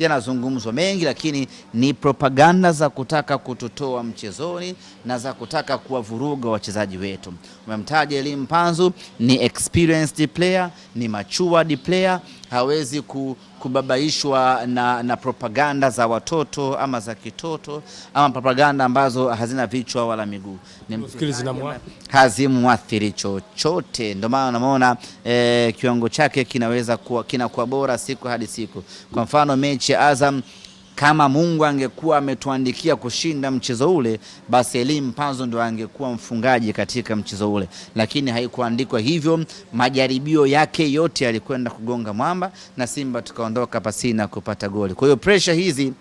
Yanazungumzwa mengi lakini ni propaganda za kutaka kututoa mchezoni na za kutaka kuwavuruga wachezaji wetu. Umemtaja Elie Mpanzu, ni experienced player, ni matured player, hawezi ku kubabaishwa na, na propaganda za watoto ama za kitoto ama propaganda ambazo hazina vichwa wala miguu, hazimwathiri chochote. Ndio maana unamwona eh, kiwango chake kinaweza kuwa kinakuwa bora siku hadi siku. Kwa mfano mechi ya Azam kama Mungu angekuwa ametuandikia kushinda mchezo ule, basi Eli Mpanzu ndo angekuwa mfungaji katika mchezo ule, lakini haikuandikwa hivyo. Majaribio yake yote yalikwenda kugonga mwamba na Simba tukaondoka pasina kupata goli. Kwa hiyo presha hizi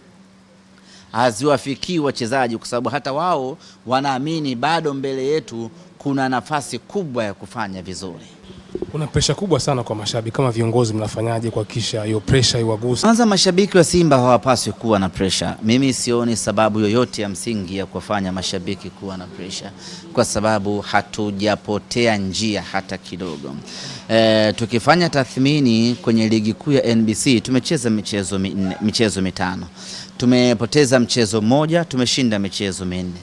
haziwafikii wachezaji, kwa sababu hata wao wanaamini bado mbele yetu kuna nafasi kubwa ya kufanya vizuri. Kuna presha kubwa sana kwa mashabiki, kama viongozi mnafanyaje kuhakikisha hiyo presha iwagusa? Kwanza mashabiki wa Simba hawapaswi kuwa na presha. Mimi sioni sababu yoyote ya msingi ya kuwafanya mashabiki kuwa na presha, kwa sababu hatujapotea njia hata kidogo. E, tukifanya tathmini kwenye ligi kuu ya NBC tumecheza michezo minne, michezo mitano tumepoteza mchezo mmoja, tumeshinda michezo minne.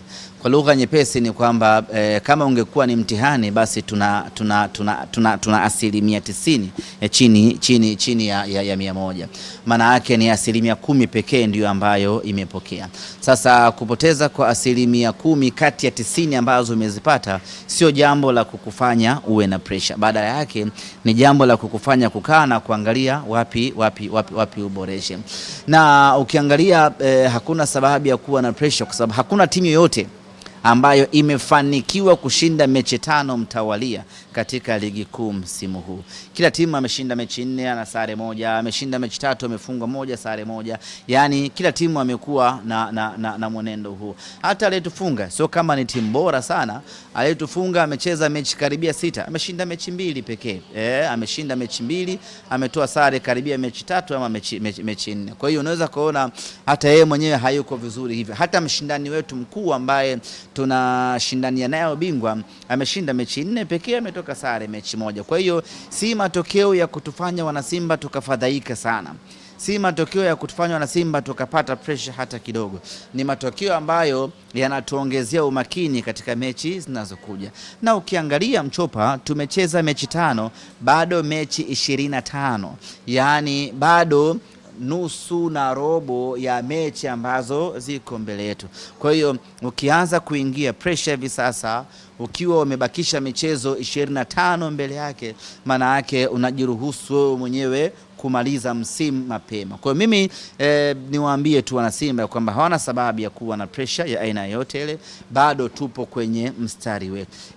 Kwa lugha nyepesi ni kwamba eh, kama ungekuwa ni mtihani basi tuna, tuna, tuna, tuna, tuna asilimia tisini eh, chini, chini, chini ya, ya, ya mia moja. Maana yake ni asilimia kumi pekee ndiyo ambayo imepokea. Sasa kupoteza kwa asilimia kumi kati ya tisini ambazo umezipata sio jambo la kukufanya uwe na presha, badala yake ni jambo la kukufanya kukaa na kuangalia wapi, wapi, wapi, wapi uboreshe. Na ukiangalia eh, hakuna sababu ya kuwa na presha kwa sababu hakuna timu yoyote ambayo imefanikiwa kushinda mechi tano mtawalia katika ligi kuu msimu huu. Kila timu ameshinda mechi nne ana sare moja, ameshinda mechi tatu amefungwa moja, sare moja, yaani kila timu amekuwa na, na, na, na mwenendo huu. Hata aliyetufunga sio kama ni timu bora sana, aliyetufunga amecheza mechi karibia sita, ameshinda mechi mbili pekee Eh, ameshinda mechi mbili, ametoa sare karibia mechi tatu ama mechi, mechi, mechi nne. Kwa hiyo unaweza kuona hata yeye mwenyewe hayuko vizuri hivyo, hata mshindani wetu mkuu ambaye tunashindania nayo bingwa, ameshinda mechi nne pekee, ametoka sare mechi moja. Kwa hiyo si matokeo ya kutufanya wanasimba tukafadhaika sana, si matokeo ya kutufanya wanasimba tukapata pressure hata kidogo. Ni matokeo ambayo yanatuongezea umakini katika mechi zinazokuja. Na ukiangalia Mchopa, tumecheza mechi tano, bado mechi ishirini na tano, yaani bado nusu na robo ya mechi ambazo ziko mbele yetu. Kwa hiyo ukianza kuingia pressure hivi sasa ukiwa umebakisha michezo 25 mbele yake, maana yake unajiruhusu wewe mwenyewe kumaliza msimu mapema. Kwa hiyo mimi e, niwaambie tu wanasimba kwamba hawana sababu ya kuwa na pressure ya aina yoyote ile, bado tupo kwenye mstari wetu.